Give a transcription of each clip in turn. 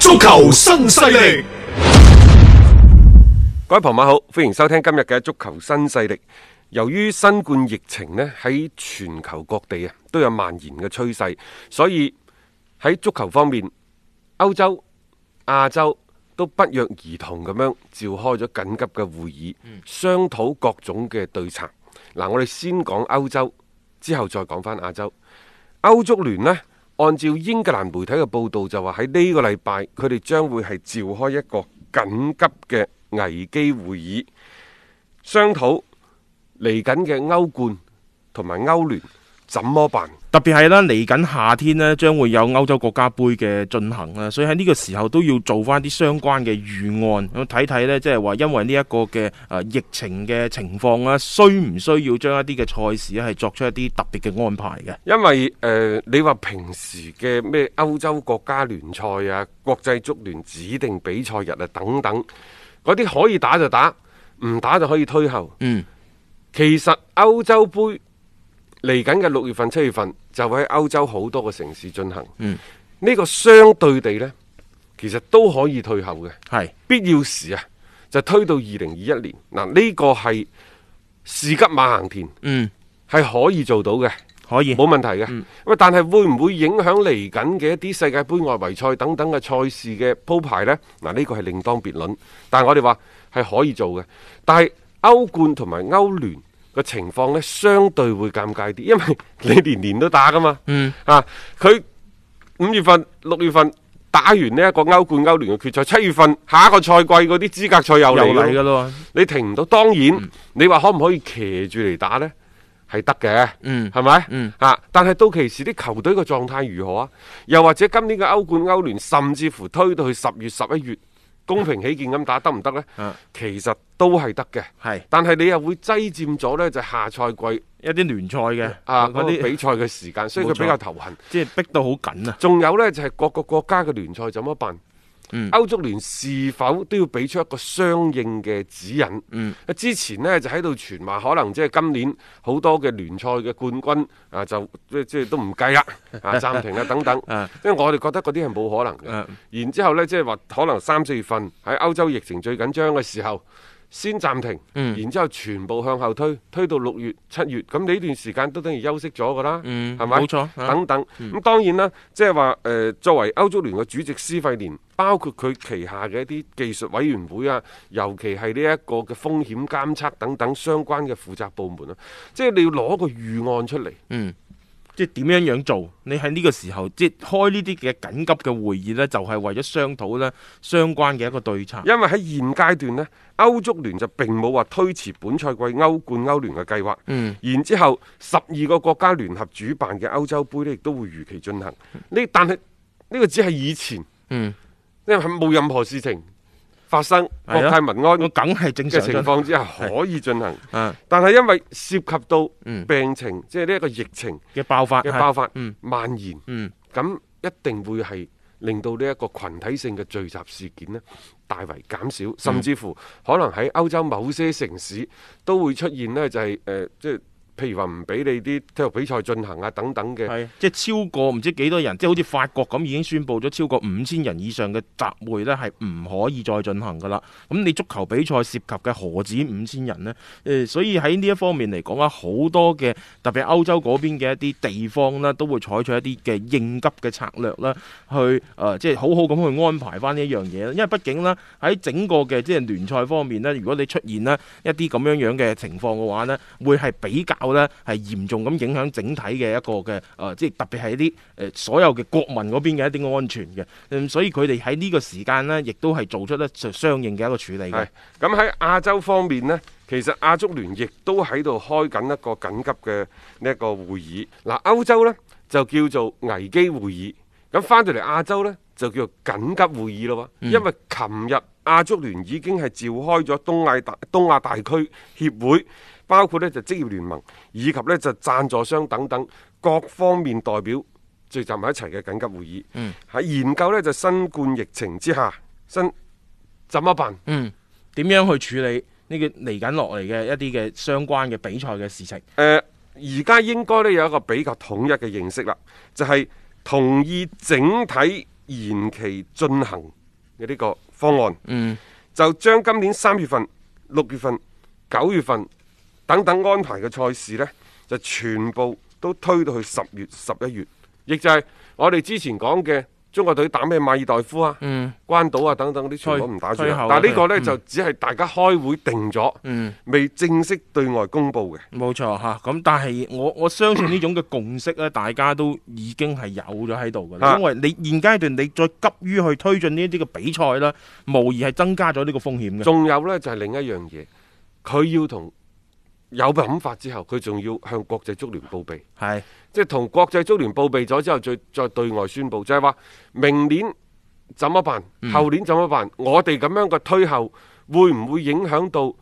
足球新勢力，各位朋友好，歡迎收聽今日嘅足球新勢力。由於新冠疫情呢喺全球各地啊都有蔓延嘅趨勢，所以喺足球方面，歐洲、亞洲都不約而同咁樣召開咗緊急嘅會議，嗯、商討各種嘅對策。嗱，我哋先講歐洲，之後再講返亞洲。歐足聯呢。按照英格蘭媒體嘅報道，就話喺呢個禮拜，佢哋將會係召開一個緊急嘅危機會議，商討嚟緊嘅歐冠同埋歐聯，怎麼辦？特別係啦，嚟緊夏天呢，將會有歐洲國家盃嘅進行啦，所以喺呢個時候都要做返啲相關嘅預案，睇睇呢，即係話因為呢一個嘅誒、呃，疫情嘅情況咧，需唔需要將一啲嘅賽事係作出一啲特別嘅安排嘅？因為誒、呃，你話平時嘅咩歐洲國家聯賽啊、國際足聯指定比賽日啊等等，嗰啲可以打就打，唔打就可以推後。嗯，其實歐洲盃。嚟緊嘅六月份、七月份就會喺歐洲好多個城市進行。嗯，呢個相對地呢，其實都可以退後嘅。係是必要時啊，就推到二零二一年。嗱，呢個係事急馬行田。嗯，係可以做到嘅，可以，冇問題嘅。咁、嗯、但係會唔會影響嚟緊嘅一啲世界杯外圍賽等等嘅賽事嘅鋪排呢？嗱，呢個係另當別論。但係我哋話係可以做嘅。但係歐冠同埋歐聯。個情況呢，相對會尷尬啲，因為你年年都打噶嘛，嗯，啊，佢五月份、六月份打完呢一個歐冠歐聯的、歐聯嘅決賽，七月份下一個賽季嗰啲資格賽又嚟，嚟噶咯。你停唔到。當然，嗯、你話可唔可以騎住嚟打呢？係得嘅，嗯，係咪吧，嗯，啊，但係到其時啲球隊嘅狀態如何啊？又或者今年嘅歐冠、歐聯，甚至乎推到去十月、十一月。公平起見，咁打得唔得咧？呢啊、其實都係得嘅，是但係你又會擠佔咗咧，就下賽季一啲聯賽嘅啊嗰啲比賽嘅時間。啊、些所以佢比較頭痕，即係、就是、逼到好緊啊！仲有咧就係、是、各個國家嘅聯賽怎麼辦？嗯、歐足聯是否都要俾出一個相應嘅指引？嗯，之前呢，就喺度傳話，可能即係今年好多嘅聯賽嘅冠軍啊，就即即係都唔計啦，啊暫停啊等等， 啊、因為我哋覺得嗰啲係冇可能嘅。啊、然之後呢，即係話可能三四月份喺歐洲疫情最緊張嘅時候。先暫停，然之後全部向後推，推到六月、七月，咁你呢段時間都等於休息咗噶啦，係咪、嗯？冇錯，等等。咁當然啦，即係話誒，作為歐足聯嘅主席斯費連，包括佢旗下嘅一啲技術委員會啊，尤其係呢一個嘅風險監測等等相關嘅負責部門啊，即係你要攞個預案出嚟。嗯。即係點樣樣做？你喺呢個時候，即係開呢啲嘅緊急嘅會議呢，就係、是、為咗商討呢相關嘅一個對策。因為喺現階段呢，歐足聯就並冇話推遲本賽季歐冠、歐聯嘅計劃。嗯。然之後，十二個國家聯合主辦嘅歐洲杯呢，亦都會如期進行。呢，但係呢、這個只係以前。嗯。因為冇任何事情。發生國泰民安，我梗係正常情況之下可以進行，是、是但係因為涉及到病情，嗯、即係呢一個疫情嘅爆發、嘅爆發、蔓延，咁、嗯、一定會係令到呢一個群體性嘅聚集事件咧大為減少，嗯、甚至乎可能喺歐洲某些城市都會出現呢就係、是、誒、呃、即係。譬如話唔俾你啲體育比賽進行啊等等嘅，即係超過唔知幾多人，即係好似法國咁已經宣布咗超過五千人以上嘅集會呢，係唔可以再進行㗎啦。咁你足球比賽涉及嘅何止五千人呢？誒、呃，所以喺呢一方面嚟講啊，好多嘅特別係歐洲嗰邊嘅一啲地方呢，都會採取一啲嘅應急嘅策略啦，去誒、呃、即係好好咁去安排翻呢一樣嘢。因為畢竟咧喺整個嘅即係聯賽方面呢，如果你出現呢一啲咁樣樣嘅情況嘅話呢，會係比較。咧係嚴重咁影響整體嘅一個嘅誒、呃，即係特別係一啲誒、呃、所有嘅國民嗰邊嘅一啲安全嘅，咁、嗯、所以佢哋喺呢個時間呢，亦都係做出呢相相應嘅一個處理嘅。咁喺亞洲方面呢，其實亞足聯亦都喺度開緊一個緊急嘅呢一個會議。嗱、呃，歐洲呢，就叫做危機會議，咁翻到嚟亞洲呢，就叫做緊急會議咯。因為琴日亞足聯已經係召開咗東亞大東亞大區協會。包括咧就職業聯盟，以及咧就贊助商等等各方面代表聚集埋一齊嘅緊急會議，喺、嗯、研究咧就新冠疫情之下，新怎麼辦？嗯，點樣去處理呢、這個嚟緊落嚟嘅一啲嘅相關嘅比賽嘅事情？誒、呃，而家應該咧有一個比較統一嘅認識啦，就係、是、同意整體延期進行嘅呢個方案。嗯，就將今年三月份、六月份、九月份、等等安排嘅賽事呢，就全部都推到去十月十一月，亦就係我哋之前講嘅中國隊打咩馬爾代夫啊、嗯、關島啊等等啲全部唔打算。後但係呢個呢，嗯、就只係大家開會定咗，嗯、未正式對外公布嘅。冇錯吓，咁、啊、但係我我相信呢種嘅共識呢，大家都已經係有咗喺度㗎。啊、因為你現階段你再急於去推進呢啲嘅比賽啦，無疑係增加咗呢個風險嘅。仲有呢，就係、是、另一樣嘢，佢要同。有諗法之後，佢仲要向國際足聯報備，係是即係同國際足聯報備咗之後，再再對外宣布，就係、是、話明年怎麼辦，後年怎麼辦？嗯、我哋咁樣嘅推後，會唔會影響到二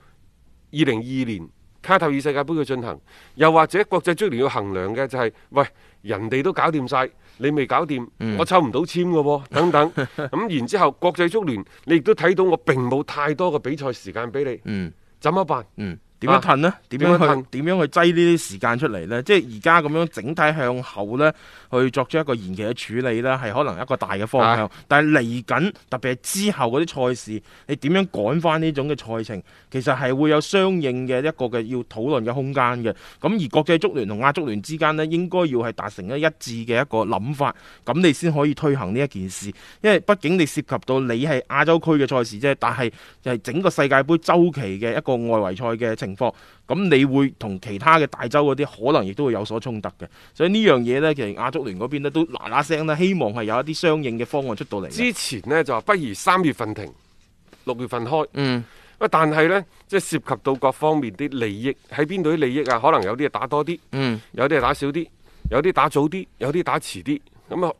零二二年卡塔爾世界杯嘅進行？又或者國際足聯要衡量嘅就係、是，喂，人哋都搞掂晒，你未搞掂，嗯、我抽唔到籤嘅、哦，等等。咁、 嗯、然之後，國際足聯你亦都睇到我並冇太多嘅比賽時間俾你，嗯，怎麼辦？嗯。點樣褪呢？點、啊、樣去點、啊、樣去擠呢啲時間出嚟呢？即係而家咁樣整體向後呢，去作出一個延期嘅處理呢，係可能一個大嘅方向。啊、但係嚟緊特別係之後嗰啲賽事，你點樣趕翻呢種嘅賽程，其實係會有相應嘅一個嘅要討論嘅空間嘅。咁而國際足聯同亞足聯之間呢，應該要係達成一一致嘅一個諗法，咁你先可以推行呢一件事。因為畢竟你涉及到你係亞洲區嘅賽事啫，但係就係整個世界盃周期嘅一個外圍賽嘅。情況，咁你會同其他嘅大洲嗰啲可能亦都會有所衝突嘅，所以呢樣嘢呢，其實亞足聯嗰邊呢都嗱嗱聲啦，希望係有一啲相應嘅方案出到嚟。之前呢，就不如三月份停，六月份開。嗯，但係呢，即係涉及到各方面啲利益喺邊度啲利益啊，可能有啲打多啲，嗯，有啲打少啲，有啲打早啲，有啲打遲啲，咁啊。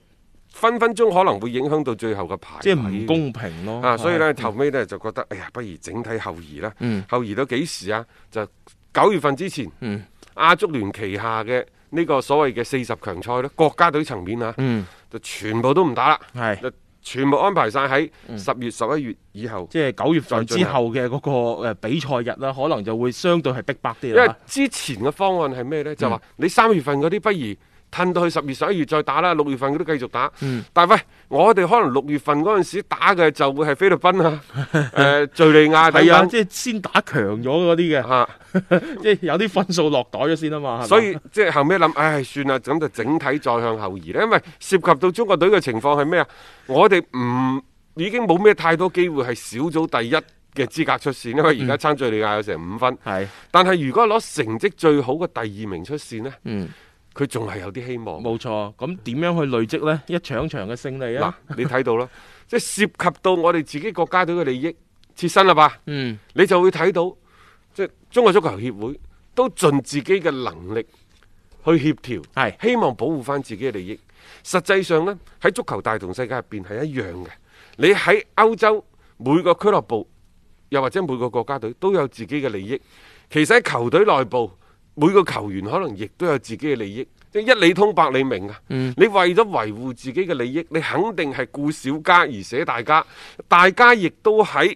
分分鐘可能會影響到最後嘅排名，即係唔公平咯。啊，是所以咧頭是尾咧就覺得，哎呀，不如整體後移啦。嗯、後移到幾時啊？就九月份之前。嗯、亞足聯旗下嘅呢個所謂嘅四十強賽咧，國家隊層面啊，嗯、就全部都唔打啦。係是，就全部安排晒喺十月十一、嗯、月以後，即係九月份之後嘅嗰個比賽日啦、啊，可能就會相對係逼白啲，因為之前嘅方案係咩呢？就話你三月份嗰啲，不如。撐到去十月十一月再打啦，六月份佢都繼續打。嗯、但係喂，我哋可能六月份嗰陣時打嘅就會係菲律賓啊，誒敘、 呃、利亞第啊，即係先打強咗嗰啲嘅，即係有啲分數落袋咗先啊嘛。所以即係後尾諗，唉，算啦，咁就整體再向後移咧。因為涉及到中國隊嘅情況係咩啊？我哋唔已經冇咩太多機會係小組第一嘅資格出線，因為而家差敘利亞有成五分。係、嗯，但係如果攞成績最好嘅第二名出線呢？嗯。佢仲係有啲希望，冇錯。咁點樣去累積呢？一場場嘅勝利啊！嗱你睇到啦， 即係涉及到我哋自己國家隊嘅利益，切身啦吧？嗯，你就會睇到，即係中國足球協會都盡自己嘅能力去協調，係是的 希望保護翻自己嘅利益。實際上呢，喺足球大同世界入邊係一樣嘅。你喺歐洲每個俱樂部，又或者每個國家隊都有自己嘅利益。其實喺球隊內部。每個球員可能亦都有自己嘅利益，即係一理通百理明啊！你為咗維護自己嘅利益，你肯定係顧小家而捨大家，大家亦都喺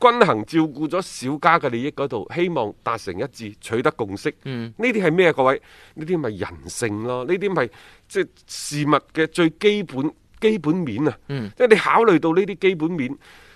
均衡照顧咗小家嘅利益嗰度，希望達成一致，取得共識。呢啲係咩啊？各位，呢啲咪人性咯？呢啲咪即係事物嘅最基本基本面啊！即係、嗯、你考慮到呢啲基本面。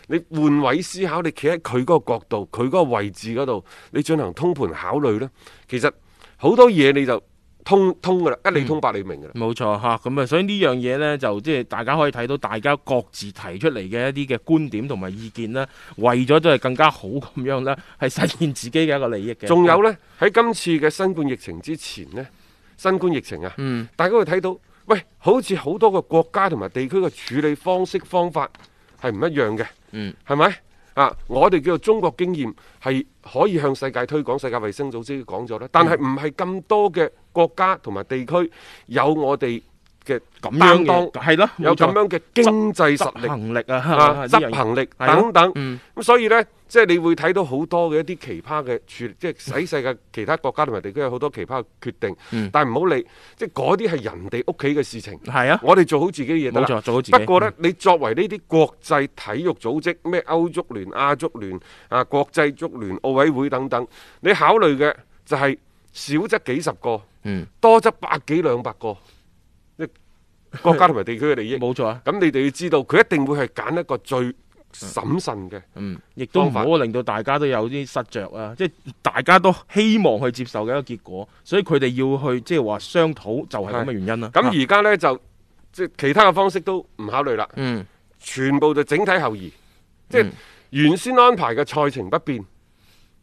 你換位思考，你企喺佢嗰個角度、佢嗰個位置嗰度，你進行通盤考慮咧，其實好多嘢你就通通噶啦，一理通百理明噶啦。冇錯嚇，咁啊，所以呢樣嘢呢，就即係大家可以睇到，大家各自提出嚟嘅一啲嘅觀點同埋意見咧，為咗都係更加好咁樣咧，係實現自己嘅一個利益嘅。仲有呢，喺今次嘅新冠疫情之前呢，新冠疫情啊，嗯，大家會睇到，喂，好似好多個國家同埋地區嘅處理方式方法係唔一樣嘅。嗯是不是，係咪啊？我哋叫做中國經驗，係可以向世界推廣，世界衛生組織講咗啦。但係唔係咁多嘅國家同埋地區有我哋嘅咁樣嘅係咯，當的有咁樣嘅經濟實力,力啊，呵呵執行力等等咁，嗯、所以呢，即係你會睇到好多嘅一啲奇葩嘅處理，即係使世界其他國家同埋地區有好多奇葩嘅決定。嗯、但係唔好理，即係嗰啲係人哋屋企嘅事情。係啊的，我哋做好自己嘢啦，做好自己。不過呢，嗯、你作為呢啲國際體育組織，咩歐足聯、亞足聯啊、國際足聯、奧委會等等，你考慮嘅就係少則幾十個，多則百幾兩百個。國家同埋地區嘅利益，冇錯啊！咁你哋要知道，佢一定會係揀一個最審慎嘅、嗯，嗯，亦都唔好令到大家都有啲失着。啊！即係大家都希望去接受嘅一個結果，所以佢哋要去即係話商討，就係咁嘅原因啦。咁而家呢，啊、就即其他嘅方式都唔考慮啦，嗯，全部就整體後移，即係原先安排嘅賽程不變，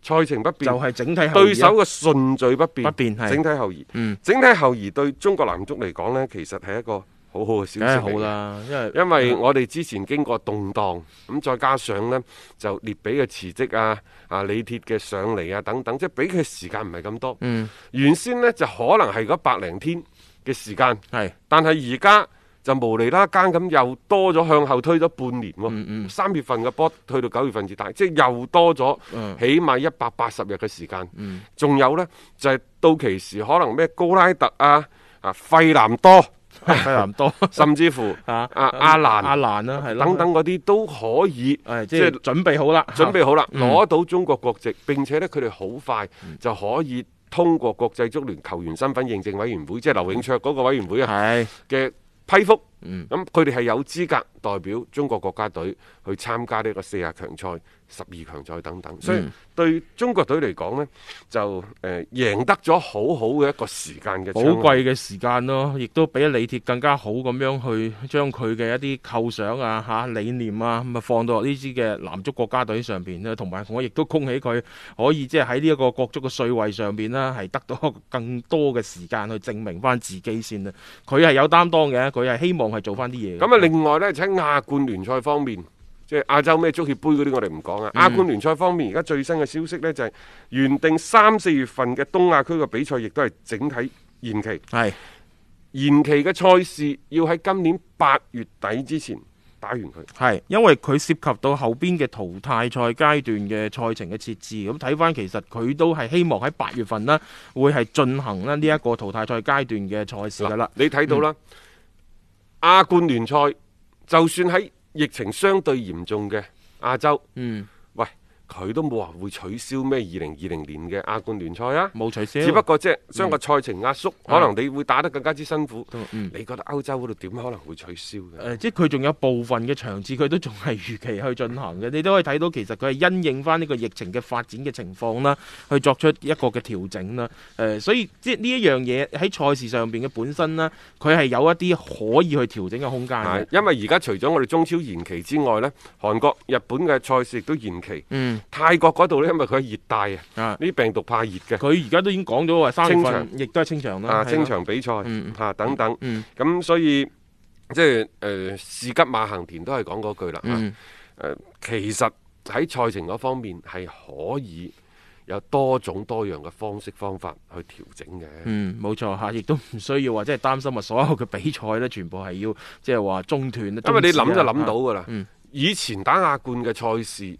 賽程不變，就係整體對手嘅順序不變，整體後移，整體後移對中國男足嚟講呢，其實係一個。好好嘅消息，好啦，因為因為我哋之前經過動盪咁，嗯、再加上呢，就列比嘅辭職啊，啊李鐵嘅上嚟啊等等，即係俾佢時間唔係咁多。嗯，原先呢，就可能係嗰百零天嘅時間，係是，但係而家就無釐啦間咁又多咗向後推咗半年喎。三、嗯嗯、月份嘅波推到九月份至大，嗯、即係又多咗，起碼一百八十日嘅時間。仲、嗯、有呢，就係、是、到期時可能咩高拉特啊啊費南多。費南多， 甚至乎啊阿阿蘭阿蘭啦，係等等嗰啲都可以，係即係準備好啦，準備好啦，攞、嗯、到中國國籍，並且呢佢哋好快就可以通過國際足聯球員身份認證委員會，即係劉永卓嗰個委員會啊，嘅批覆。嗯，咁佢哋係有資格代表中國國家隊去參加呢個四十強賽十二強賽等等，所以對中國隊嚟講咧，就誒贏、呃、得咗好好嘅一個時間嘅好貴嘅時間咯，亦都俾李鐵更加好咁樣去將佢嘅一啲構想啊、吓、啊、理念啊咁啊放到呢支嘅男足國家隊上邊啦，同埋我亦都恭喜佢可以即係喺呢一個國足嘅稅位上邊啦，係得到更多嘅時間去證明翻自己先啦。佢係有擔當嘅，佢係希望。我係做翻啲嘢。咁啊，另外呢，喺亞冠聯賽方面，即係亞洲咩足協盃嗰啲，我哋唔講啊。亞冠聯賽方面，而家最新嘅消息呢，就係原定三四月份嘅東亞區嘅比賽，亦都係整體延期。係延期嘅賽事要喺今年八月底之前打完佢。係，因為佢涉及到後邊嘅淘汰賽階段嘅賽程嘅設置。咁睇翻，其實佢都係希望喺八月份啦，會係進行呢一個淘汰賽階段嘅賽事㗎啦。你睇到啦。嗯亞冠聯賽就算喺疫情相對嚴重嘅亞洲，嗯。佢都冇話會取消咩？二零二零年嘅亞冠聯賽啊，冇取消、啊。只不過即係將個賽程壓縮，可能你會打得更加之辛苦。嗯、你覺得歐洲嗰度點可能會取消嘅、嗯呃？即係佢仲有部分嘅場次，佢都仲係預期去進行嘅。你都可以睇到，其實佢係因應翻呢個疫情嘅發展嘅情況啦，去作出一個嘅調整啦。誒、呃，所以即係呢一樣嘢喺賽事上邊嘅本身啦，佢係有一啲可以去調整嘅空間。嗯、因為而家除咗我哋中超延期之外呢，韓國、日本嘅賽事亦都延期。嗯。泰國嗰度呢，因為佢係熱帶啊，呢啲病毒怕熱嘅。佢而家都已經講咗話，三月也是清場亦都係清場啦，的清場比賽吓、嗯啊、等等。咁、嗯、所以即係誒，士吉馬行田都係講嗰句啦、嗯啊。其實喺賽程嗰方面係可以有多種多樣嘅方式方法去調整嘅。冇、嗯、錯吓，亦、啊、都唔需要話即係擔心啊，所有嘅比賽呢，全部係要即係話中斷。因為你諗就諗到噶啦。啊嗯、以前打亞冠嘅賽事。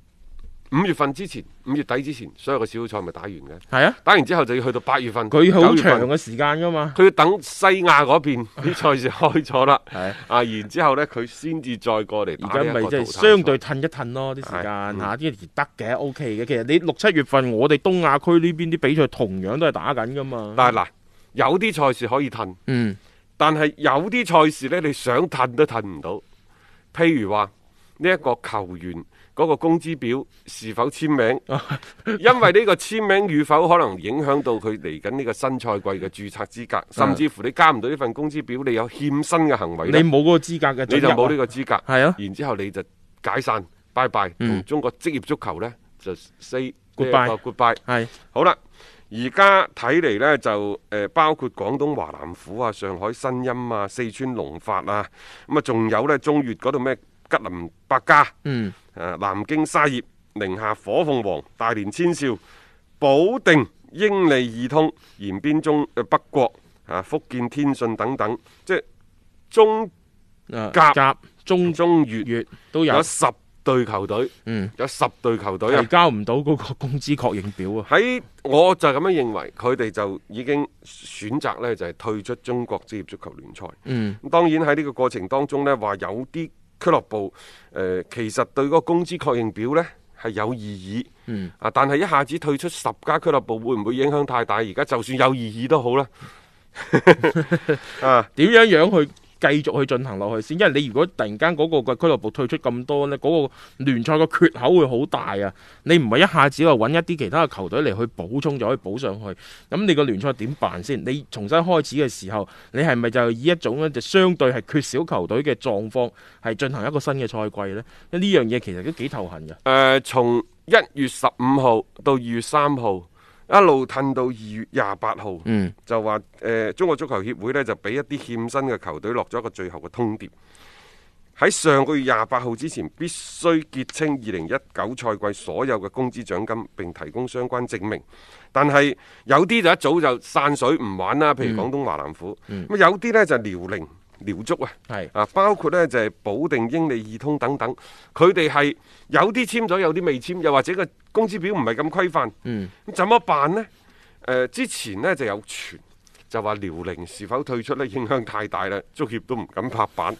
五月份之前，五月底之前，所有嘅小組賽咪打完嘅？係啊，打完之後就要去到八月份。佢好長嘅時間噶嘛。佢要等西亞嗰邊啲賽事開咗啦。係 啊，啊，然之後咧，佢先至再過嚟，而家咪即係相對褪一褪咯啲時間，呢啲得嘅 OK 嘅。其實你六七月份我哋東亞區呢邊啲比賽同樣都係打緊噶嘛。但係嗱，有啲賽事可以褪，嗯，但係有啲賽事咧，你想褪都褪唔到，譬如話。呢一個球員嗰個工資表是否簽名？因為呢個簽名與否可能影響到佢嚟緊呢個新賽季嘅註冊資格，甚至乎你加唔到呢份工資表，你有欠薪嘅行為。你冇嗰個資格嘅，你就冇呢個資格。係啊，然之後你就解散，拜拜，同中國職業足球呢，就 say goodbye，goodbye。係，好啦，而家睇嚟呢，就誒包括廣東華南虎啊、上海新陰啊、四川龍發啊，咁啊仲有呢中越嗰度咩？吉林百嘉、嗯、誒、南京沙葉、寧夏火鳳凰、大連千兆、保定英利易通、延邊中誒北國啊、福建天順等等，即係中甲、甲中中粵月粵都有，有十隊球隊，嗯，有十隊球隊提交唔到嗰個工資確認表啊！喺我就咁樣認為，佢哋就已經選擇咧就係、是、退出中國職業足球聯賽。嗯，當然喺呢個過程當中咧，話有啲。俱樂部，誒、呃、其實對嗰個工資確認表呢係有異議，嗯啊，但係一下子退出十家俱樂部，會唔會影響太大？而家就算有異議都好啦， 啊，點樣樣去？繼續去進行落去先，因為你如果突然間嗰個嘅俱樂部退出咁多呢嗰、嗰個聯賽個缺口會好大啊！你唔係一下子話揾一啲其他嘅球隊嚟去補充就可以補上去，咁你個聯賽點辦先？你重新開始嘅時候，你係咪就以一種呢就相對係缺少球隊嘅狀況，係進行一個新嘅賽季呢？呢樣嘢其實都幾頭痕嘅。誒、呃，從一月十五號到二月三號。一路褪到二月廿八號，就話誒、呃，中國足球協會呢就俾一啲欠薪嘅球隊落咗一個最後嘅通牒，喺上個月廿八號之前必須結清二零一九賽季所有嘅工資獎金，並提供相關證明。但係有啲就一早就散水唔玩啦，譬如廣東華南虎，咁有啲呢就係遼寧遼足啊，係是啊，包括呢就係、是、保定英利、易通等等，佢哋係有啲簽咗，有啲未簽，又或者個工資表唔係咁規範，嗯，咁怎麼辦呢？誒、呃，之前呢就有傳就話遼寧是否退出呢影響太大啦，足協都唔敢拍板，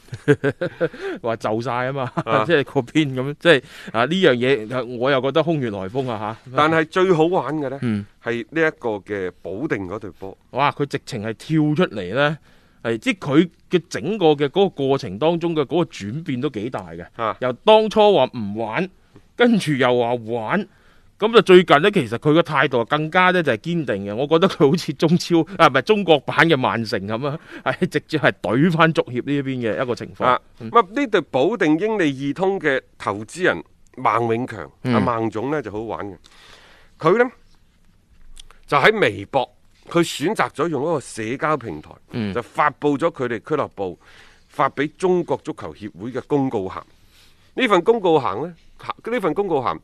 話 就晒啊嘛，啊即係嗰邊咁樣，即係啊呢樣嘢我又覺得空穴來風啊吓，啊但係最好玩嘅呢嗯，係呢一個嘅保定嗰隊波，哇，佢直情係跳出嚟呢。係，即係佢嘅整個嘅嗰個過程當中嘅嗰個轉變都幾大嘅，啊、由當初話唔玩，跟住又話玩，咁就最近呢，其實佢嘅態度更加咧就係、是、堅定嘅。我覺得佢好似中超啊，唔係中國版嘅曼城咁啊，係直接係懟翻足協呢一邊嘅一個情況。呢、啊嗯、對保定英利易通嘅投資人孟永強啊，孟總呢就好玩嘅，佢呢，就喺微博。佢選擇咗用一個社交平台，就發布咗佢哋俱樂部發俾中國足球協會嘅公告函。呢份公告函呢，呢份公告函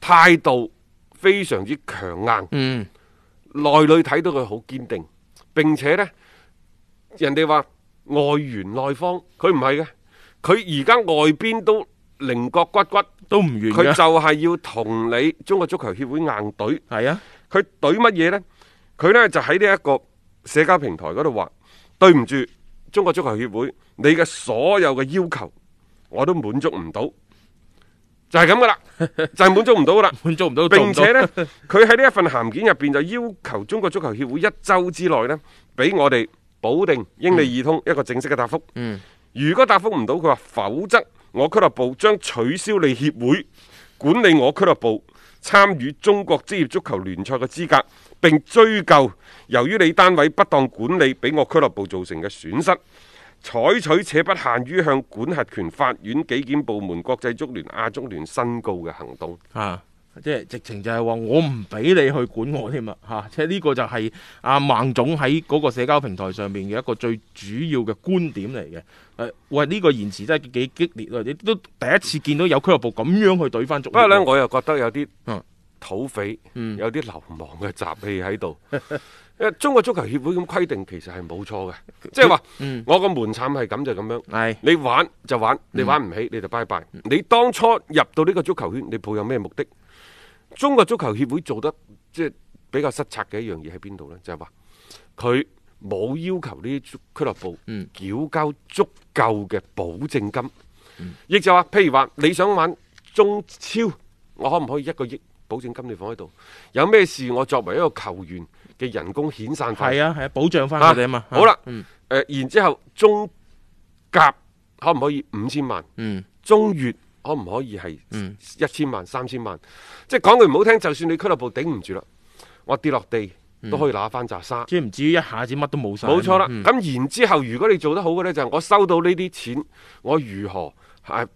態度非常之強硬，內裏睇到佢好堅定。並且呢，人哋話外圓內方，佢唔係嘅。佢而家外邊都棱角骨骨都唔圓，佢就係要同你中國足球協會硬懟。係啊，佢懟乜嘢呢？佢呢就喺呢一個社交平台嗰度話：對唔住，中國足球協會，你嘅所有嘅要求我都滿足唔到，就係咁噶啦， 就係滿足唔到噶啦，滿足唔到，並且呢，佢喺呢一份函件入邊就要求中國足球協會一周之內呢，俾我哋保定英利易通一個正式嘅答覆。嗯。嗯，如果答覆唔到，佢話否則我俱樂部將取消你協會管理我俱樂部參與中國職業足球聯賽嘅資格。並追究由於你單位不當管理俾我俱樂部造成嘅損失，採取且不限於向管轄權法院、紀檢部門、國際足聯、亞足聯申告嘅行動。嚇、啊，即係直情就係話我唔俾你去管我添啊。嚇，即係呢個就係、是、阿、啊、孟總喺嗰個社交平台上面嘅一個最主要嘅觀點嚟嘅。誒、啊，喂，呢、這個言辭真係幾激烈啊！你都第一次見到有俱樂部咁樣去懟翻足協。不過呢，我又覺得有啲嗯。啊土匪、嗯、有啲流氓嘅雜氣喺度，因 中國足球協會咁規定，其實係冇錯嘅，即係話我個門檻係咁就咁樣，係、就是哎、你玩就玩，嗯、你玩唔起你就拜拜。嗯、你當初入到呢個足球圈，你抱有咩目的？中國足球協會做得即係、就是、比較失策嘅一樣嘢喺邊度呢？就係話佢冇要求呢啲俱樂部繳交足夠嘅保證金，亦、嗯嗯、就話譬如話你想玩中超，我可唔可以一個億？保證金利放喺度，有咩事我作為一個球員嘅人工遣散費啊係啊，保障翻佢哋啊嘛。啊好啦、嗯呃，然之後中甲可唔可以五千萬？嗯，中乙可唔可以係一千萬、嗯、三千萬？即係講句唔好聽，就算你俱樂部頂唔住啦，我跌落地都可以攞翻扎沙，即係唔至於一下子乜都冇晒。冇錯啦，咁、嗯、然之後如果你做得好嘅呢，就係、我收到呢啲錢，我如何？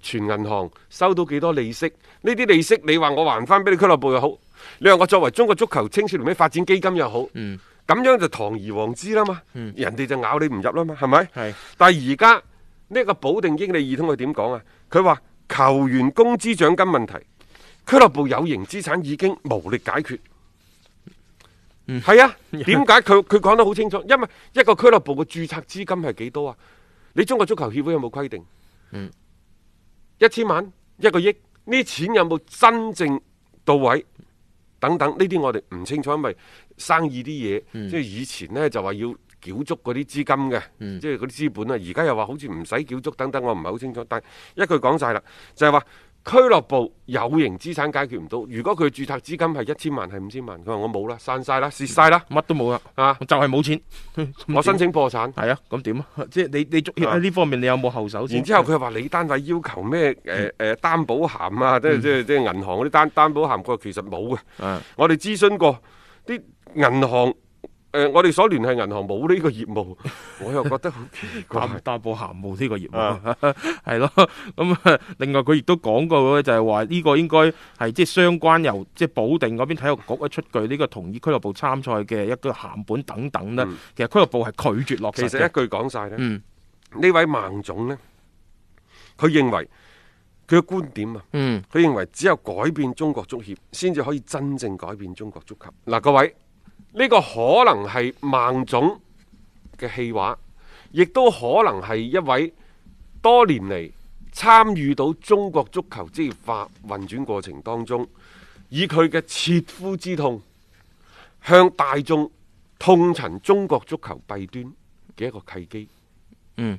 全銀行收到幾多利息？呢啲利息，你話我還翻俾你俱樂部又好，你話我作為中國足球青少年咩發展基金又好，咁、嗯、樣就堂而皇之啦嘛，嗯、人哋就咬你唔入啦嘛，係咪？是但係而家呢個保定英利二通佢點講啊？佢話球員工資獎金問題，俱樂部有形資產已經無力解決。嗯，係啊。點解佢佢講得好清楚？因為一個俱樂部嘅注冊資金係幾多啊？你中國足球協會有冇規定？嗯。一千萬一個億，呢啲錢有冇真正到位？等等呢啲我哋唔清楚，因為生意啲嘢，嗯、即係以前呢，就話要繳足嗰啲資金嘅，嗯、即係嗰啲資本啦。而家又話好似唔使繳足等等，我唔係好清楚。但係一句講晒啦，就係、是、話。俱樂部有形資產解決唔到，如果佢注冊資金係一千萬，係五千萬，佢話我冇啦，散晒啦，蝕晒啦，乜都冇啦，啊，我就係冇錢，呵呵我申請破產，係啊，咁點啊？即係你你喺呢方面你有冇後手？然之後佢話你單位要求咩？誒誒擔保函啊，即係、嗯、即係即係銀行嗰啲擔擔保函，佢話其實冇嘅，嗯、我哋諮詢過啲銀行。誒、呃，我哋所聯繫銀行冇呢個業務，我又覺得好奇怪，擔保函務呢個業務，係咯、啊。 咁、嗯、啊，另外佢亦都講過就係話呢個應該係即係相關由即係、就係、保定嗰邊體育局一出具呢個同意俱樂部參賽嘅一個函本等等咧。嗯、其實俱樂部係拒絕落實嘅。其實一句講曬咧，呢、嗯、位孟總呢，佢認為佢嘅觀點啊，佢、嗯、認為只有改變中國足協，先至可以真正改變中國足球。嗱、啊，各位。呢個可能係孟總嘅戲話，亦都可能係一位多年嚟參與到中國足球職業化運轉過程當中，以佢嘅切膚之痛向大眾痛陳中國足球弊端嘅一個契機。嗯，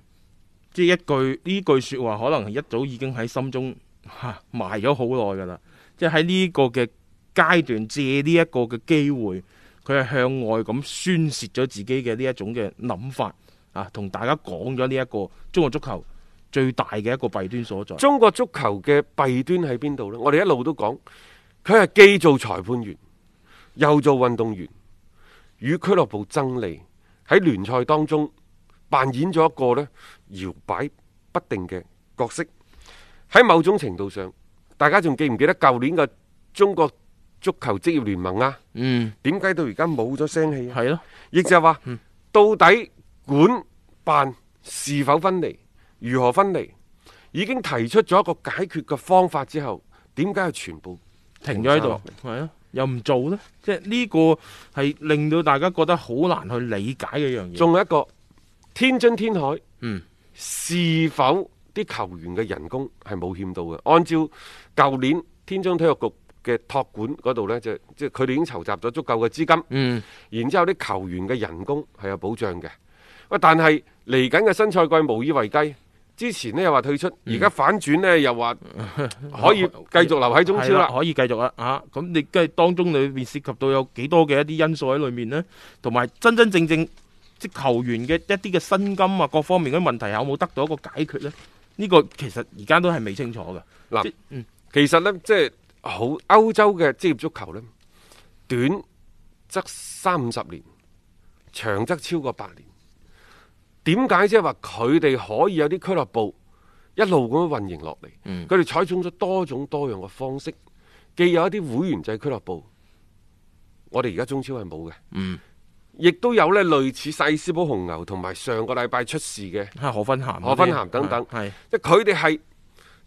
即係一句呢句説話，可能係一早已經喺心中、啊、埋咗好耐㗎啦。即係喺呢個嘅階段，借呢一個嘅機會。佢係向外咁宣洩咗自己嘅呢一種嘅諗法啊，同大家講咗呢一個中國足球最大嘅一個弊端所在。中國足球嘅弊端喺邊度呢？我哋一路都講，佢係既做裁判員又做運動員，與俱樂部爭利，喺聯賽當中扮演咗一個咧搖擺不定嘅角色。喺某種程度上，大家仲記唔記得舊年嘅中國？足球職業聯盟啊，嗯，點解到而家冇咗聲氣啊？係咯，亦就係話、嗯、到底管辦是否分離，如何分離，已經提出咗一個解決嘅方法之後，點解係全部停咗喺度？係啊，又唔做咧，即係呢個係令到大家覺得好難去理解嘅一樣嘢。仲有一個天津天海，嗯，是否啲球員嘅人工係冇欠到嘅？按照舊年天津體育局。嘅託管嗰度呢，就即係佢哋已經籌集咗足夠嘅資金，嗯，然之後啲球員嘅人工係有保障嘅。喂，但係嚟緊嘅新賽季無以為繼，之前呢又話退出，而家、嗯、反轉呢又話可以繼續留喺中超啦、嗯， 可以繼續啦啊！咁你跟當中裏面涉及到有幾多嘅一啲因素喺裏面呢？同埋真真正正即係球員嘅一啲嘅薪金啊，各方面嘅問題有冇得到一個解決呢？呢、呢個其實而家都係未清楚嘅嗱。嗯、其實呢，即係、嗯。好，歐洲嘅職業足球呢，短則三五十年，長則超過八年。點解即係話佢哋可以有啲俱樂部一路咁樣運營落嚟？佢哋、嗯、採用咗多種多樣嘅方式，既有一啲會員制俱樂部，我哋而家中超係冇嘅，亦、嗯、都有咧類似西斯堡紅牛同埋上個禮拜出事嘅可芬鹹、可芬鹹等等，即係佢哋係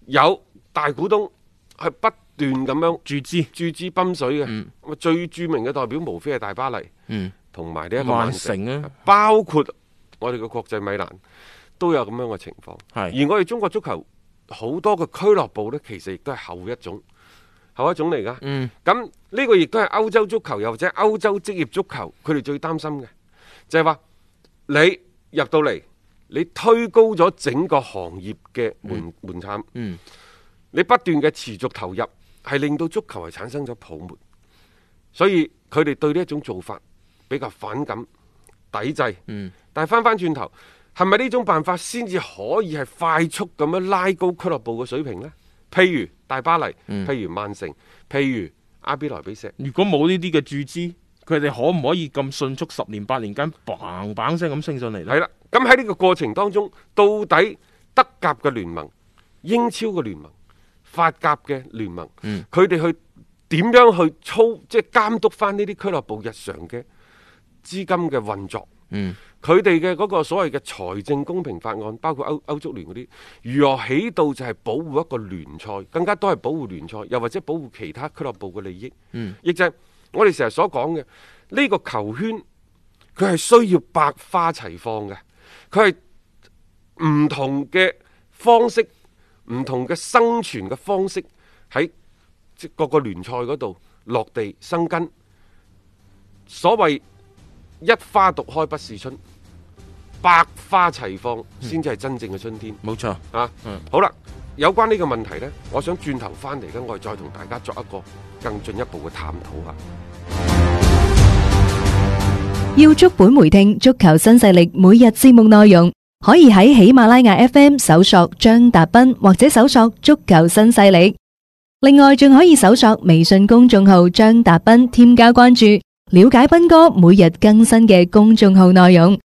有大股東係不斷咁樣注資、嗯、注資泵水嘅，咁、嗯、最著名嘅代表無非係大巴黎，同埋呢一個曼城萬啊，包括我哋個國際米蘭都有咁樣嘅情況，係是。而我哋中國足球好多個俱樂部呢，其實亦都係後一種，後一種嚟噶。嗯，咁呢、這個亦都係歐洲足球，又或者歐洲職業足球，佢哋最擔心嘅就係、是、話你入到嚟，你推高咗整個行業嘅門門檻，嗯，餐嗯你不斷嘅持續投入。係令到足球係產生咗泡沫，所以佢哋對呢一種做法比較反感、抵制。嗯。但係翻翻轉頭，係咪呢種辦法先至可以係快速咁樣拉高俱樂部嘅水平呢？譬如大巴黎，譬、嗯、如曼城，譬如阿比萊比錫。如果冇呢啲嘅注資，佢哋可唔可以咁迅速十年八年間棒棒聲咁升上嚟咧？係啦，咁喺呢個過程當中，到底德甲嘅聯盟、英超嘅聯盟、法甲嘅聯盟，佢哋、嗯、去點樣去操，即係監督翻呢啲俱樂部日常嘅資金嘅運作。佢哋嘅嗰個所謂嘅財政公平法案，包括歐歐足聯嗰啲，如何起到就係保護一個聯賽，更加多係保護聯賽，又或者保護其他俱樂部嘅利益。亦、嗯、就係我哋成日所講嘅呢個球圈，佢係需要百花齊放嘅，佢係唔同嘅方式。唔同嘅生存嘅方式喺各個聯賽嗰度落地生根。所謂一花獨開不是春，百花齊放先至係真正嘅春天。冇錯啊。嗯。好啦，有關呢個問題咧，我想轉頭翻嚟咧，我再同大家作一個更進一步嘅探討下。要足本回聽足球新勢力每日節目內容。可以喺喜馬拉雅 FM 搜索張達斌，或者搜索足球新勢力。另外，仲可以搜索微信公眾號張達斌，添加關注，了解斌哥每日更新嘅公眾號內容。